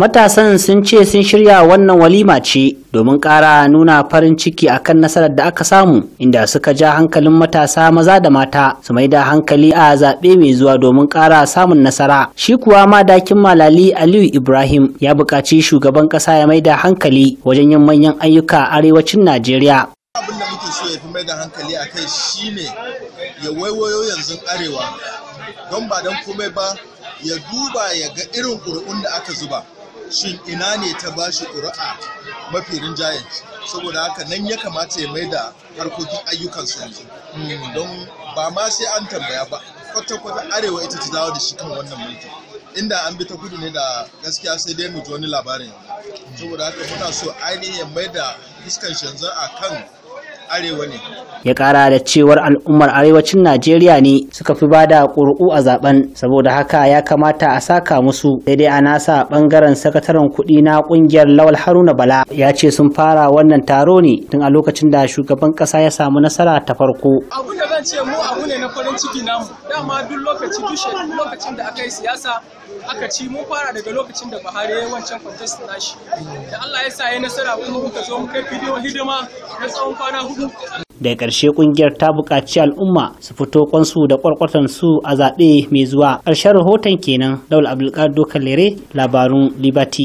matasan sun ce sun shirya wannan walima ce domin kara nuna farin ciki akan nasarar da aka samu inda suka ja hankalin matasa maza da mata su mai da hankali a zaɓe mai zuwa domin kara samun nasara shi kuwa madakin malali aliyu ibrahim ya buƙaci shugaban ƙasa ya mai da hankali wajen yin manyan ayyuka arewacin najeriya abin da muke so fi mai hankali a kai ya waiwayo yanzu arewa don ba don komai ba ya duba ya ga irin ƙuri'un da aka zuba shin ina ne ta ba shi ƙuri'a mafi rinjayen saboda haka nan ya kamata ya mai da harkokin ayyukansu yanzu hmm. don ba ma sai an tambaya ba kwata-kwata arewa ita ta dawo da shi kan wannan mulki inda an bi ta kudu ne da gaskiya sai dai mu ji wani labarin hmm. saboda haka muna so ainihin mai da fuskan shanzu a kan arewa ne ya kara da cewar al'ummar arewacin najeriya ne suka fi bada ƙuri'u a zaben saboda haka ya kamata a saka musu daidai a nasa bangaren sakataren kuɗi na ƙungiyar lawal haruna bala ya ce sun fara wannan taro ne tun a lokacin da shugaban ƙasa ya samu nasara ta farko abu da zan ce mu abu ne na farin ciki namu dama duk lokaci duk lokacin da aka yi siyasa aka ci mun fara daga lokacin da buhari ya yi wancan contest nashi da allah ya sa ya nasara kuma muka zo muka yi bidiyo hidima na tsawon kwana hudu da ƙarshe ƙungiyar ta buƙaci al'umma su fito kwansu da ƙwarƙwatan su a zaɓe mai zuwa ƙarshen rahoton kenan Daul abdulkadir dokalere labarun liberty